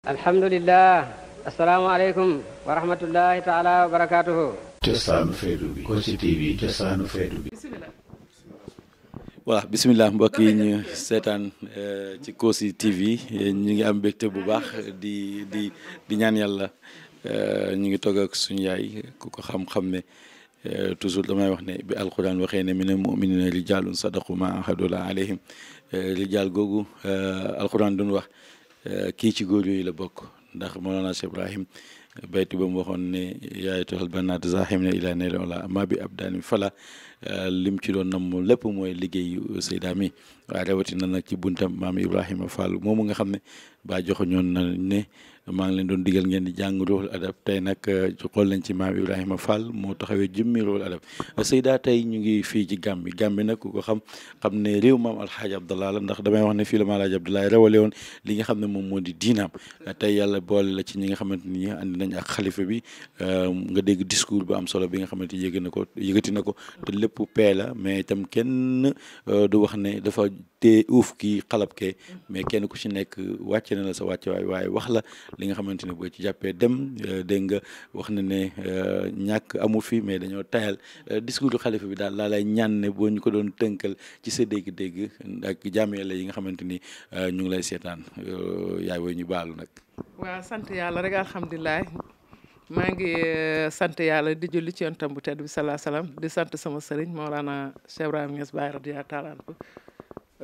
alhamdulilah asalaamaaleykum wa rahmatullahi taala wa barakaatuhu cosaanu feetu bi Kossy TV cosaanu feetu bi bisimilah mbokk yi ñu seetaan eh, ci Kossy TV eh, ñu ngi am mbégte bu baax di di ñaan yàlla eh, ñu ngi toog ak suñu yaay ku ko xam-xam ne toujours damay wax ne bi alquran waxe ne minal muminina rijaalun sadaqu ma ahadullah alayhim rijaal googu alquran doon wax Euh, kii ci góor yooyu la bokk ndax Mawlana Cheikh Ibrahim bayti ba mu waxoon ne yaay toxal bannaat zahim ne ilaa ne la bi ab daani fala Euh, lim ci doon namm lépp mooy liggéeyu Seyda mi waaye rawatina nag ci buntam maam Ibrahima Fall moomu nga xam ne ba joxoñoon na ne maa ngi leen doon digal ngeen di jàng Ruhul Adab tey nag euh, xool nañ ci maam Ibrahima Fall moo taxawee jëmmi Ruhul Adab euh, Seyda tey ñu ngi fii ci Gàmbi Gàmbi nag ku ko xam xam ne réew maam Alxaaji Abdallah la ndax damay wax ne fii la ma Alxaaji Abdallah rawale woon li nga xam ne moom moo di diinaam tey yàlla boole la ci ñi nga xamante ni àndi nañ ak xalifa bi nga dégg discours bu am solo bi nga xamante yëg na ko yëgati na ko lépp paix la mais itam kenn euh, du wax ne dafa te uuf ki xalab ke mais kenn ku ci nekk wàcce na la sa wàcce waaye wax la li nga xamante ne boo ci jàppee dem euh, dégg nga wax na ne euh, ñàkk amu fi mais dañoo tayal discours du xalifa bi daal laa lay ñaan ne boo ñu ko doon tënkal ci sa dégg-dégg ak jàmm yàlla yi nga xamante ni ñu ngi lay seetaan yaay wooy ñu nag. waaw sant yàlla rek alhamdulilah. maa ngi eh, sant yàlla di julli ci yontam bu tedd bi salaa salaam di sant sama sëriñ Mawlana Cheikh Ibrahima Niass Baye radiyallahu taala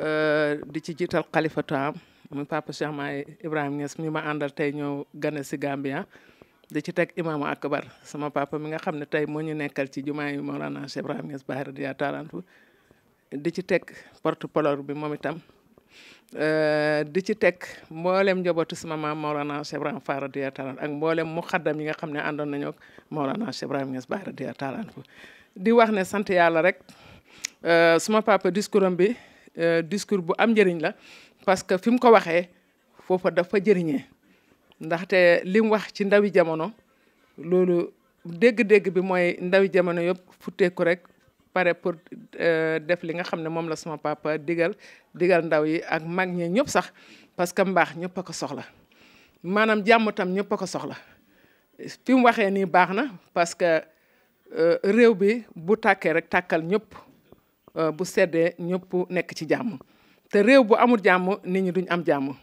eh, di ci jiital xalifatu am mu papa Cheikh Maay Ibrahima Niass mi ma àndal tey ñëw gane si Gambia di ci teg imaamu akbar sama papa mi nga xam ne tey moo ñu nekkal ci jumaa yi Mawlana Cheikh Ibrahima Niass Baye di ci teg porte-parole bi moom itam Euh, di ci tek mboolem njabootu sama maam Maolana Cheikh Ibrahim Fall radiyallahu taala ak mboolem mu xaddam yi nga xam ne àndoon nañoo ak Maolana Cheikh Ibrahim Niass Baye radiyallahu taala di wax ne sant yàlla rek euh, suma papa discours am bi euh, discours bu am njëriñ la parce que fi mu ko waxee foofa dafa jëriñee ndaxte li mu wax ci ndawi jamono loolu dégg-dégg bi mooy ndawi jamono yëpp futteeku rek. pare pour euh, def li nga xam ne moom la sama papa digal digal ndaw yi ak mag ñi ñëpp sax parce que mbaax ñëpp a ko soxla maanaam jàmm tam ñëpp a ko soxla fi mu waxee nii baax na parce que euh, réew bi bu tàkkee rek tàkkal ñëpp euh, bu seddee ñëpp nekk ci jàmm te réew bu amul jàmm nit ñi duñ am jàmm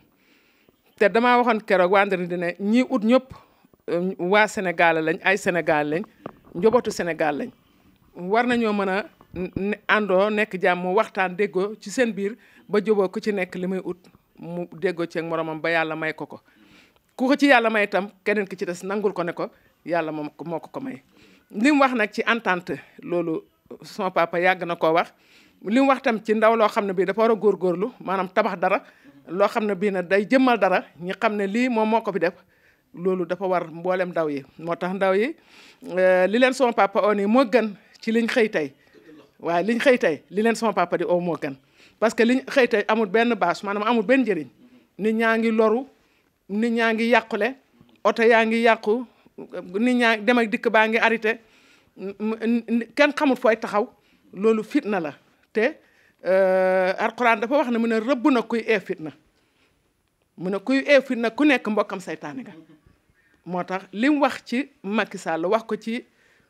te dama waxoon keroog wandari di dina ñii ut ñëpp waa Sénégal lañ ay Sénégal lañ njobootu Sénégal lañ war nañoo mën a àndoo nekk jàmm waxtaan déggoo ci seen biir ba juboo ku ci nekk li may ut mu déggoo ci moroomam moromam ba yàlla may ko ko ku ko ci yàlla may itam keneen ki ci des nangul ko ne ko yàlla moom moo ko ko may. li mu wax nag ci entente loolu son papa yàgg na koo wax li mu wax tam ci ndaw loo xam ne bii dafa war a góorgóorlu maanaam tabax dara loo xam ne bii nag day jëmmal dara ñi xam ne lii moom moo ko fi def. loolu dafa war mboolem ndaw yi moo tax ndaw yi euh, li leen son papa oo nii moo gën ci liñ xëy tey waaw liñ xëy tey li leen sama papa di kan oh, parce que liñ xëy tey amul benn bâche maanaam amul benn njëriñ nit ñaa ngi loru nit ñaa ngi yàqule oto yaa ngi yàqu nit ñaa dem ak dikk baa ngi arrêté kenn xamul fooy taxaw loolu fitna la te euh, alxuraan dafa wax ne mu ne rëbb na kuy ee fitna mu ne kuy ee fitna ku nekk mbokkam seytaane nga moo tax li wax ci Macky Sall wax ko ci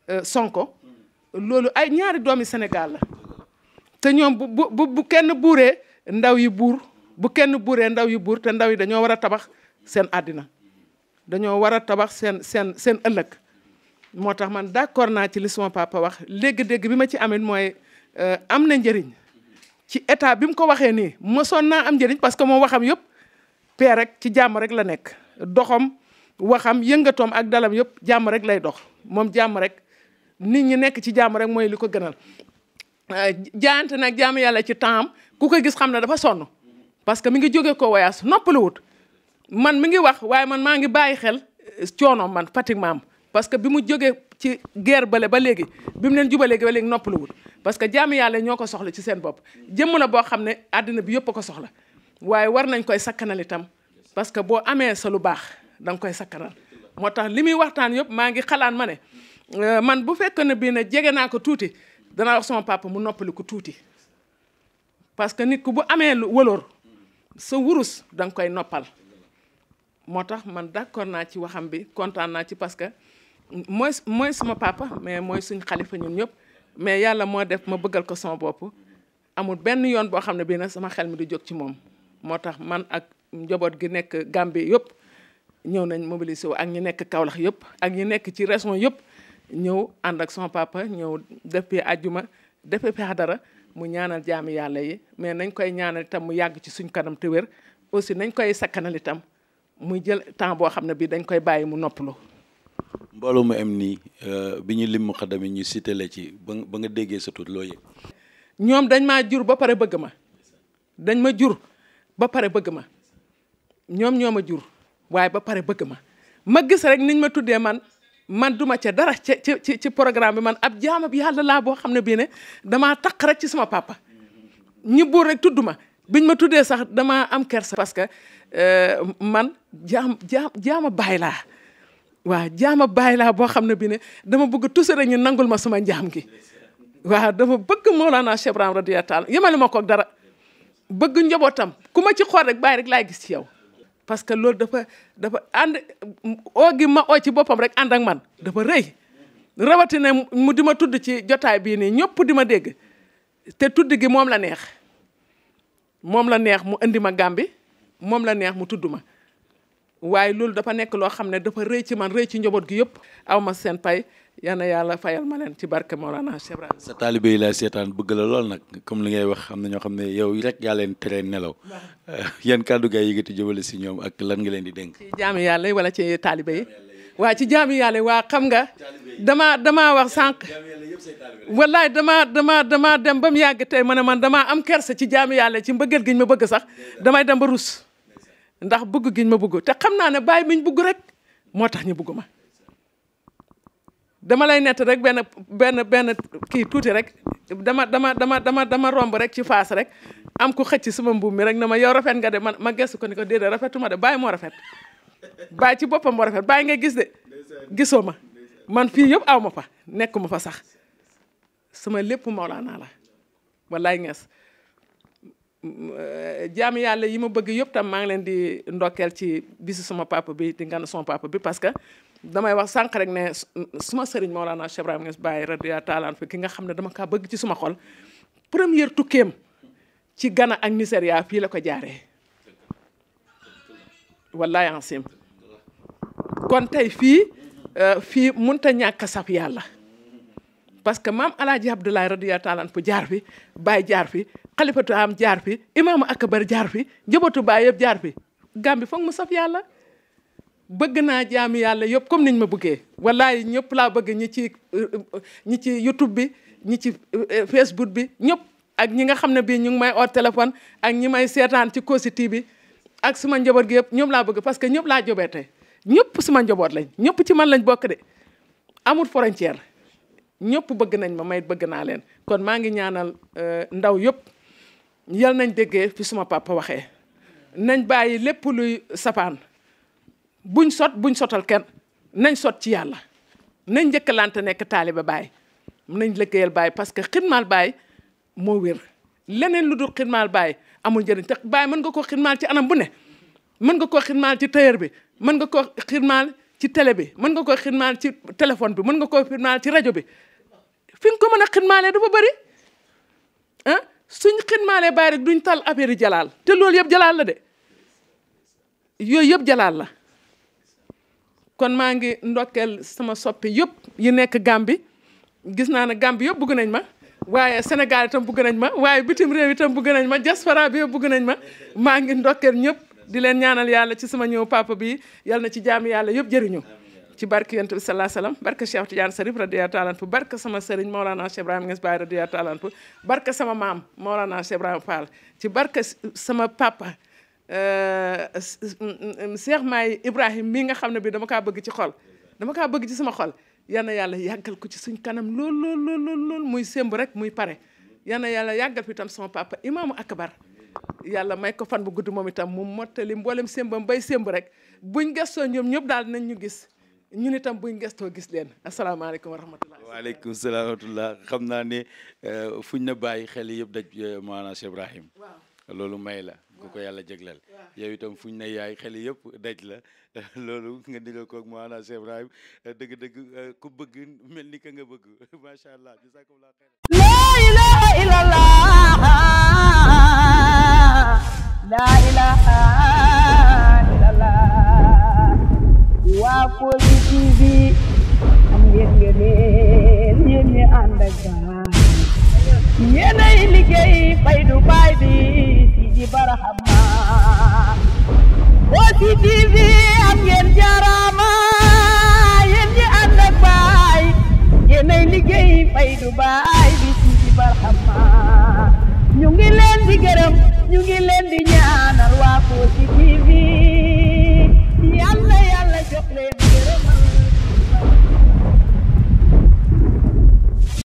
euh, Sonko loolu ay ñaari doomi Sénégal la te ñoom bu bu bu kenn buuree ndaw yi buur bu kenn buuree ndaw yi buur te ndaw yi dañoo war a tabax seen àddina dañoo war a tabax seen seen seen ëllëg moo tax man d'accord naa ci li sama papa wax dégg-dégg bi ma ci amit mooy euh, am na njëriñ ci état bi mu ko waxee nii mosoon naa am njëriñ parce que moom waxam yëpp paix rek ci jàmm rek la nekk doxam waxam yëngatoom ak dalam yëpp jàmm rek lay dox moom jàmm rek nit ñi nekk ci jàmm rek mooy li ko gënal euh, jaante nag jaamu yàlla ci temps ku ko gis xam ne dafa sonn parce que mi ngi jóge ko voyage noppaluwut man mi ngi wax waaye man maa ngi bàyyi xel euh, coonoom man pratiquement parce que bi mu jógee ci guerre bale ba léegi bi mu leen jubalee ba léegi noppaluwut parce que jaamu yàlla ñoo ko soxla ci seen bopp jëmm la boo xam ne àddina bi yëpp a ko soxla waaye war nañ koy sakkanal itam parce que boo amee sa lu baax da nga koy sakkanal moo tax li muy waxtaan yëpp maa ngi xalaat ma ne Euh, man bu fekkee ne bii na jege naa ko tuuti danaa wax sama papa mu noppali ko tuuti parce que nit ku bu amee lu wëloor sa wurus da nga koy noppal moo tax man d'accord naa ci waxam bi kontaan naa ci parce que mooy mooy sama papa mais mooy suñ xalifa ñun ñëpp mais yàlla moo def ma bëggal ko sama bopp amul benn yoon boo xam ne bii na sama xel mi di jóg ci moom moo tax man ak njaboot gi nekk Gambie yëpp ñëw nañ mobiliser wu ak ñu nekk Kaolack yëpp ak ñu nekk ci région yëpp ñëw ànd ak son papa ñëw depuis ajjuma depuis xadara mu ñaanal jaami yàlla yi mais nañ koy ñaanal itam mu yàgg ci suñ kanam te wér aussi nañ koy sakkanal itam muy jël temps boo xam ne bii dañ koy bàyyi mu noppalu. mbooloo mu am nii euh, bi ñu lim muqaddam yi ñu cité ci ba ba déggee sa tur loo ñoom dañ maa jur ba pare bëgg ma dañ ma jur ba pare bëgg ma ñoom ñoo ma jur waaye ba pare bëgg ma ma gis rek niñ ma tuddee man man duma ca dara ca ci ci programme bi man ab jaamab yàlla laa boo xam ne bii ne damaa taq rek ci sama papa ñi buur rek tudd ma biñ ma tuddee sax damaa am kersa parce que euh, man jaam jaam jaama baay laa waaw jaama baay laa boo xam ne bi ne dama bëgg tuse rek ñu nangul ma sama njaam gi waaw dama bëgg Mawlana Cheikh Ibrahim radiyallahu taala yemale ma koog dara bëgg njabootam ku ma ci xool rek bàyyi rek laay gis ci yow parce que loolu dafa dafa ànd oo gi ma oo ci boppam rek ànd ak man dafa rëy rawatina mu di ma tudd ci jotaay bii nii ñëpp di ma dégg te tudd gi moom la neex moom la neex mu indi ma Gàmbi moom la neex mu tudd ma waaye loolu dafa nekk loo xam ne dafa rëy ci man rëy ci njaboot gi yëpp aw ma seen pay yal na yàlla fayal ma leen ci barke Maolana Cheikh Ibrahima. sa taalibe yi laay seetaan bëgg la lool nag comme li ngay wax xam na ñoo xam ne yow rek yaa leen tere nelaw yan kàddu gaay yi yëngati jëmale si ñoom ak lan nga leen di dénk. ci jaami yàlla yi wala ci taalibe yi waa ci jaami yàlla yi waa xam nga damaa dama wax sànq. wallaay dama dama damaa dem ba mu yàgg tey ma ne man damaa am kerse ci jaami yàlla ci mbëggeel giñ ma bëgg sax damay dem ba rus ndax bëgg giñ ma bëgg te xam naa ne bàyyi miñ bëgg rek moo tax ñu bëgg ma dama lay nett rek benn benn benn kii tuuti rek dama dama dama dama dama romb rek ci faas rek am ku xëcc suma mbuum mi rek na ma yow rafet nga de man ma gëstu ko ni ko déedéet rafetuma de bàyyi moo rafet bàyyi ci boppam moo rafet bàyyi nga gis de gisoo ma man fii yëpp aw ma fa nekkuma fa sax sama lépp Mawlaana la wallaay ngees jaam yàlla yi ma bëgg yëpp tam maa ngi leen di ndokkeel ci bisi sama papa bi di ngan son papa bi parce que damay wax sànq rek ne suma sëriñ Mawlana Cheikh Ibrahima Niass Baye radiyallahu taala anhu ki nga xam ne dama kaa bëgg ci suma xol première tukkeem ci gana ak Nigéria fii la ko jaare wallaay ansim kon tey fii euh, fii mënut a ñàkk saf yàlla parce que maam alaaji Abdoulaye radiyallahu taala anhu jaar fi Baye jaar fi xalifatu am jaar fi imaamu akbar jaar fi njëbatu Baye jaar fi Gàmbi foog mu saf yàlla bëgg naa jaami yàlla yëpp comme niñ ma bëggee wallaay ñëpp laa bëgg ñi ci ñi ci YouTube bi ñi ci eh, Facebook bi ñëpp ak ñi nga xam ne bii ñu ngi may oo téléphone ak ñi may seetaan ci Kossy bi ak su ma njaboot gi yëpp ñoom laa bëgg parce que ñëpp laa jobee tey ñëpp suma njaboot lañ ñëpp ci man lañ bokk de amul frontière ñëpp bëgg nañ ma may bëgg naa leen kon maa ngi ñaanal eh, ndaw yëpp yal nañ déggee fi suma papa waxee nañ bàyyi lépp luy sapaan buñ sot buñ sotal kenn nañ sot ci yàlla nañ njëkkalante nekk taaliba baay nañ lëggéeyal baay parce que xidmaal baay moo wér leneen lu dul xidmaal baay amul njëriñ te baay mën nga koo xidmaal ci anam bu ne mën nga koo xidmaal ci tailleur bi mën nga koo xidmaal ci télé bi mën nga koo xidmaal ci téléphone bi mën nga koo xidmaal ci rajo bi fi nga ko mën a xidmaalee dafa bari ah suñ xidmaalee baay rek duñ tal affaire jalaal te loolu yëpp jalaal la de yooyu yëpp jalaal la kon maa ngi ndokkeel sama soppe yëpp yi nekk Gambie gis naa ne Gambie yëpp bëgg nañ ma waaye Sénégal itam bëgg nañ ma waaye bitim réew itam bëgg nañ ma diaspora bi yëpp bëgg nañ ma maa ngi ndokkeel ñëpp di leen ñaanal yàlla ci sama ñëw papa bi yal na ci jaami yàlla yëpp jëriñu ci barke yonent bi salaa salaam barke Cheikh Tidiane Sarif radiyallahu taala anhu barke sama sëriñ Maolana Cheikh Ibrahima Niass Baye radiyallahu taala anhu barke sama maam Maolana Cheikh Ibrahima Fall ci barke sama papa Euh, Cheikh Maay Ibrahim mii nga xam ne bi dama kaa bëgg ci xol dama kaa bëgg ci sama xol yan yàlla yàggal ko ci suñ kanam lool lool lool muy sémb rek muy pare yal yàlla yàggal fi itam sama papa imaamu akbar yàlla may ko fan bu gudd moom itam mu mottali mboolem sémbam bay sémb rek buñ gestoo ñoom ñëpp daal nañ ñu gis ñun itam buñ gestoo gis leen asalaamaaleykum wa rahmatullah waaleykum salaam wa rahmatullah xam naa ne euh, fuñ na bàyyi xel yëpp daj euh, maanaam Cheikh Ibrahim la ku yàlla jégleel yow itam fu ñu ne yaay xel yëpp daj la loolu nga niroo koog Mawlana Cheikh Ibrahim dëgg-dëgg eh, ku bëgg mel ni ka nga bëgg macha allah jazakumullah xeyr laa ilaha illallah laa ilaha illallah Wakoly TV am ngeen ngeen yéen ñi ànd ak yéenay liggéey fay barahama Kossy TV am ngeen jarama yéen ñi ànd ak baay yéenay liggéey fay du baay bi ci barahama ñu ngi leen di gërëm ñu ngi leen di ñaanal waa Kossy TV